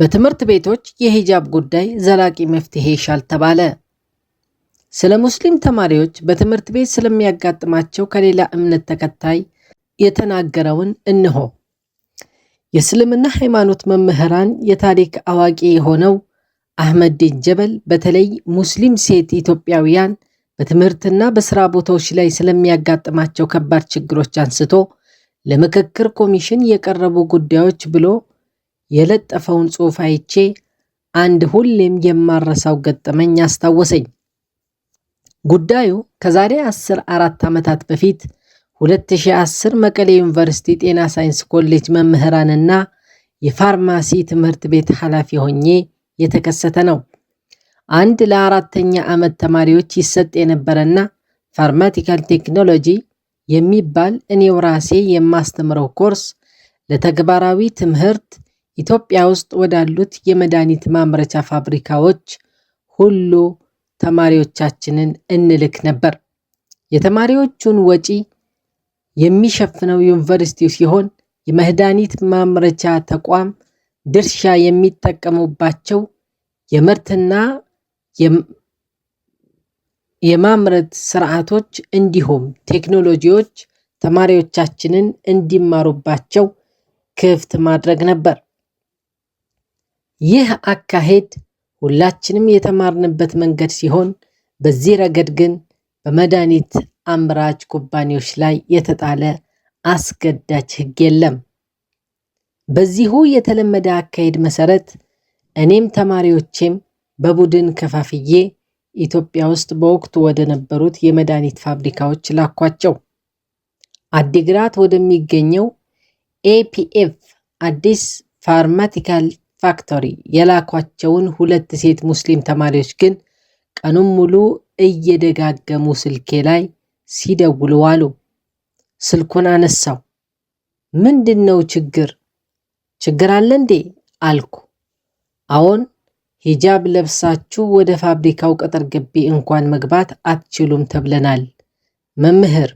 በትምህርት ቤቶች የሂጃብ ጉዳይ ዘላቂ መፍትሄ ይሻል ተባለ። ስለ ሙስሊም ተማሪዎች በትምህርት ቤት ስለሚያጋጥማቸው ከሌላ እምነት ተከታይ የተናገረውን እንሆ። የእስልምና ሃይማኖት መምህራን የታሪክ አዋቂ የሆነው አህመዲን ጀበል በተለይ ሙስሊም ሴት ኢትዮጵያውያን በትምህርትና በስራ ቦታዎች ላይ ስለሚያጋጥማቸው ከባድ ችግሮች አንስቶ ለምክክር ኮሚሽን የቀረቡ ጉዳዮች ብሎ የለጠፈውን ጽሑፍ አይቼ አንድ ሁሌም የማረሳው ገጠመኝ አስታወሰኝ። ጉዳዩ ከዛሬ አራት ዓመታት በፊት 2010 መቀሌ ዩኒቨርሲቲ ጤና ሳይንስ ኮሌጅ መምህራንና የፋርማሲ ትምህርት ቤት ኃላፊ ሆኜ የተከሰተ ነው። አንድ ለአራተኛ ዓመት ተማሪዎች ይሰጥ የነበረና ፋርማቲካል ቴክኖሎጂ የሚባል እኔው ራሴ የማስተምረው ኮርስ ለተግባራዊ ትምህርት ኢትዮጵያ ውስጥ ወዳሉት የመድኃኒት ማምረቻ ፋብሪካዎች ሁሉ ተማሪዎቻችንን እንልክ ነበር። የተማሪዎቹን ወጪ የሚሸፍነው ዩኒቨርሲቲው ሲሆን የመድኃኒት ማምረቻ ተቋም ድርሻ የሚጠቀሙባቸው የምርትና የማምረት ስርዓቶች እንዲሁም ቴክኖሎጂዎች ተማሪዎቻችንን እንዲማሩባቸው ክፍት ማድረግ ነበር። ይህ አካሄድ ሁላችንም የተማርንበት መንገድ ሲሆን በዚህ ረገድ ግን በመድኃኒት አምራች ኩባንያዎች ላይ የተጣለ አስገዳጅ ሕግ የለም። በዚሁ የተለመደ አካሄድ መሰረት እኔም ተማሪዎቼም በቡድን ከፋፍዬ ኢትዮጵያ ውስጥ በወቅቱ ወደ ነበሩት የመድኃኒት ፋብሪካዎች ላኳቸው። አዲግራት ወደሚገኘው ኤፒኤፍ አዲስ ፋርማቲካል ፋክቶሪ የላኳቸውን ሁለት ሴት ሙስሊም ተማሪዎች ግን ቀኑን ሙሉ እየደጋገሙ ስልኬ ላይ ሲደውሉ አሉ። ስልኩን አነሳው። ምንድን ነው ችግር? ችግር አለ እንዴ አልኩ። አዎን፣ ሂጃብ ለብሳችሁ ወደ ፋብሪካው ቅጥር ግቢ እንኳን መግባት አትችሉም ተብለናል። መምህር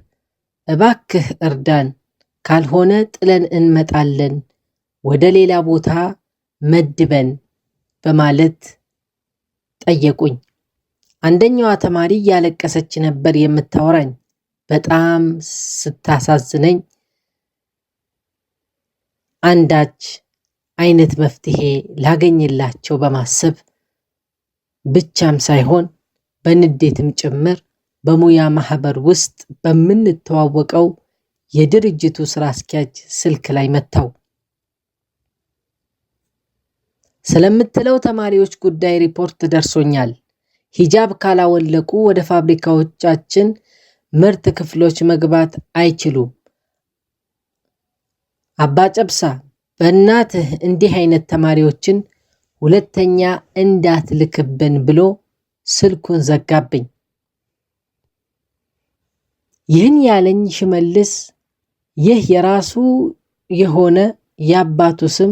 እባክህ እርዳን፣ ካልሆነ ጥለን እንመጣለን። ወደ ሌላ ቦታ መድበን በማለት ጠየቁኝ። አንደኛዋ ተማሪ እያለቀሰች ነበር የምታወራኝ። በጣም ስታሳዝነኝ አንዳች አይነት መፍትሄ ላገኝላቸው በማሰብ ብቻም ሳይሆን በንዴትም ጭምር በሙያ ማህበር ውስጥ በምንተዋወቀው የድርጅቱ ስራ አስኪያጅ ስልክ ላይ መታው። ስለምትለው ተማሪዎች ጉዳይ ሪፖርት ደርሶኛል። ሂጃብ ካላወለቁ ወደ ፋብሪካዎቻችን ምርት ክፍሎች መግባት አይችሉም። አባ ጨብሳ በእናትህ እንዲህ አይነት ተማሪዎችን ሁለተኛ እንዳትልክብን ብሎ ስልኩን ዘጋብኝ። ይህን ያለኝ ሽመልስ ይህ የራሱ የሆነ የአባቱ ስም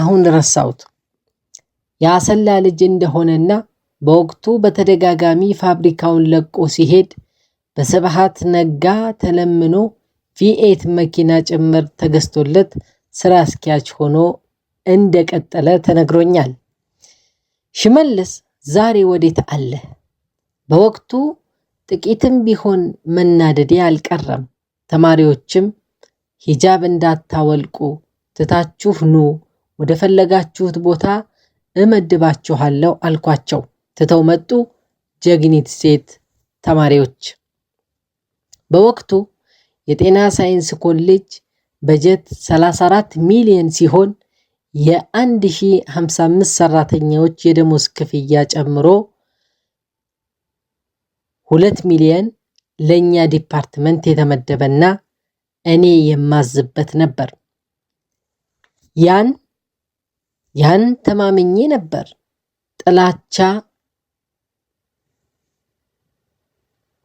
አሁን ረሳሁት። የአሰላ ልጅ እንደሆነና በወቅቱ በተደጋጋሚ ፋብሪካውን ለቆ ሲሄድ በስብሃት ነጋ ተለምኖ ቪኤት መኪና ጭምር ተገዝቶለት ስራ አስኪያጅ ሆኖ እንደቀጠለ ተነግሮኛል። ሽመልስ ዛሬ ወዴት አለ? በወቅቱ ጥቂትም ቢሆን መናደዴ አልቀረም። ተማሪዎችም ሂጃብ እንዳታወልቁ ትታችሁ ኑ፣ ወደ ፈለጋችሁት ቦታ እመድባችኋለሁ አልኳቸው። ትተው መጡ። ጀግኒት ሴት ተማሪዎች በወቅቱ የጤና ሳይንስ ኮሌጅ በጀት 34 ሚሊዮን ሲሆን የ1055 ሰራተኛዎች የደሞዝ ክፍያ ጨምሮ 2 ሚሊዮን ለእኛ ዲፓርትመንት የተመደበና እኔ የማዝበት ነበር። ያን ያን ተማምኜ ነበር። ጥላቻ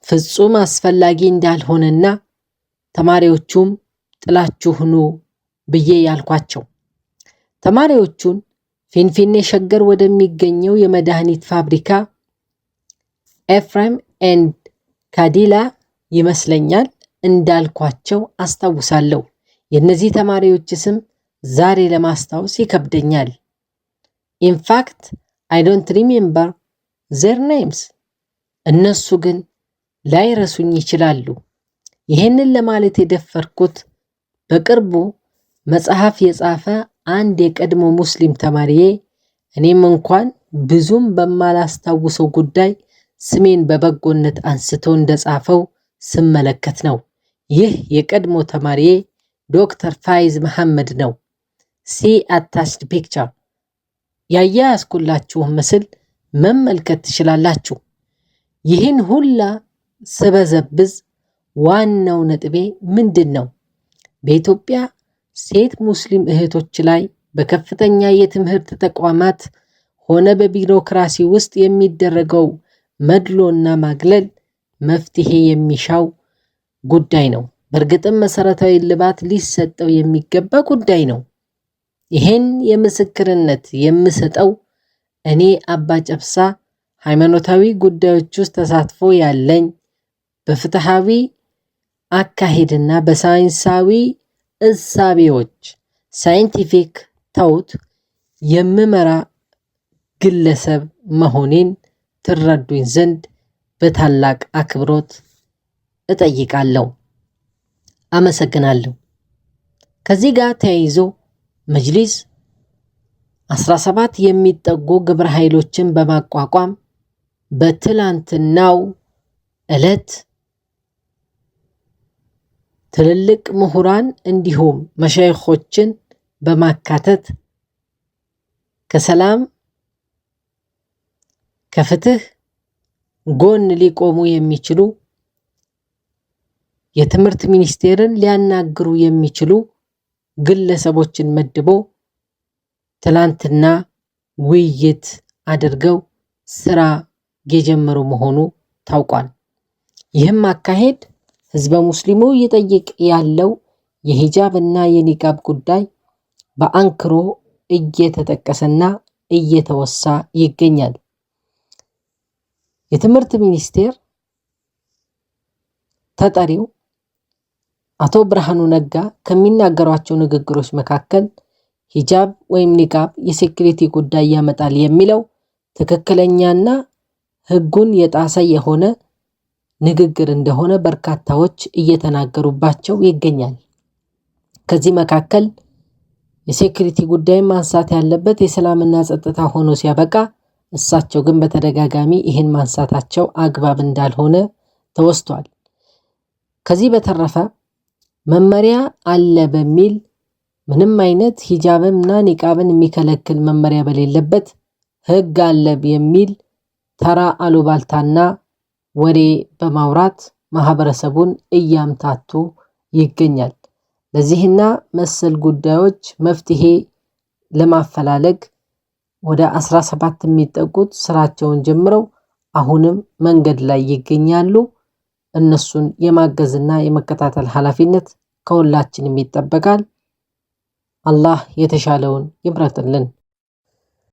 ፍጹም አስፈላጊ እንዳልሆነና ተማሪዎቹም ጥላቹ ኑ ብዬ ያልኳቸው። ተማሪዎቹን ፊንፊኔ ሸገር ወደሚገኘው የመድኃኒት ፋብሪካ ኤፍሬም ኤንድ ካዲላ ይመስለኛል እንዳልኳቸው አስታውሳለሁ። የእነዚህ ተማሪዎች ስም ዛሬ ለማስታወስ ይከብደኛል። In fact, I don't remember their names. እነሱ ግን ላይረሱኝ ይችላሉ። ይህንን ለማለት የደፈርኩት በቅርቡ መጽሐፍ የጻፈ አንድ የቀድሞ ሙስሊም ተማሪዬ እኔም እንኳን ብዙም በማላስታውሰው ጉዳይ ስሜን በበጎነት አንስቶ እንደጻፈው ስመለከት ነው። ይህ የቀድሞ ተማሪዬ ዶክተር ፋይዝ መሐመድ ነው። ሲ አታችድ ፒክቸር ያያያዝኩላችሁን ምስል መመልከት ትችላላችሁ። ይህን ሁላ ስበዘብዝ ዋናው ነጥቤ ምንድን ነው? በኢትዮጵያ ሴት ሙስሊም እህቶች ላይ በከፍተኛ የትምህርት ተቋማት ሆነ በቢሮክራሲ ውስጥ የሚደረገው መድሎና ማግለል መፍትሄ የሚሻው ጉዳይ ነው። በእርግጥም መሰረታዊ እልባት ሊሰጠው የሚገባ ጉዳይ ነው። ይሄን የምስክርነት የምሰጠው እኔ አባ ጨብሳ ሃይማኖታዊ ጉዳዮች ውስጥ ተሳትፎ ያለኝ በፍትሃዊ አካሄድና በሳይንሳዊ እሳቤዎች ሳይንቲፊክ ተውት የምመራ ግለሰብ መሆኔን ትረዱኝ ዘንድ በታላቅ አክብሮት እጠይቃለሁ። አመሰግናለሁ። ከዚህ ጋር ተያይዞ መጅሊስ 17 የሚጠጉ ግብረ ኃይሎችን በማቋቋም በትላንትናው ዕለት ትልልቅ ምሁራን እንዲሁም መሻይኾችን በማካተት ከሰላም ከፍትህ ጎን ሊቆሙ የሚችሉ የትምህርት ሚኒስቴርን ሊያናግሩ የሚችሉ ግለሰቦችን መድቦ ትላንትና ውይይት አድርገው ስራ የጀመሩ መሆኑ ታውቋል። ይህም አካሄድ ህዝበ ሙስሊሙ እየጠየቅ ያለው የሂጃብ እና የኒቃብ ጉዳይ በአንክሮ እየተጠቀሰና እየተወሳ ይገኛል። የትምህርት ሚኒስቴር ተጠሪው አቶ ብርሃኑ ነጋ ከሚናገሯቸው ንግግሮች መካከል ሂጃብ ወይም ኒቃብ የሴኩሪቲ ጉዳይ ያመጣል የሚለው ትክክለኛና ሕጉን የጣሰ የሆነ ንግግር እንደሆነ በርካታዎች እየተናገሩባቸው ይገኛል። ከዚህ መካከል የሴኩሪቲ ጉዳይ ማንሳት ያለበት የሰላምና ጸጥታ ሆኖ ሲያበቃ እሳቸው ግን በተደጋጋሚ ይህን ማንሳታቸው አግባብ እንዳልሆነ ተወስቷል። ከዚህ በተረፈ መመሪያ አለ በሚል ምንም አይነት ሂጃብንና ኒቃብን የሚከለክል መመሪያ በሌለበት ህግ አለ የሚል ተራ አሉባልታና ወሬ በማውራት ማህበረሰቡን እያምታቱ ይገኛል። ለዚህና መሰል ጉዳዮች መፍትሄ ለማፈላለግ ወደ 17 የሚጠጉት ስራቸውን ጀምረው አሁንም መንገድ ላይ ይገኛሉ። እነሱን የማገዝና የመከታተል ኃላፊነት ከሁላችንም ይጠበቃል። አላህ የተሻለውን ይምረጥልን።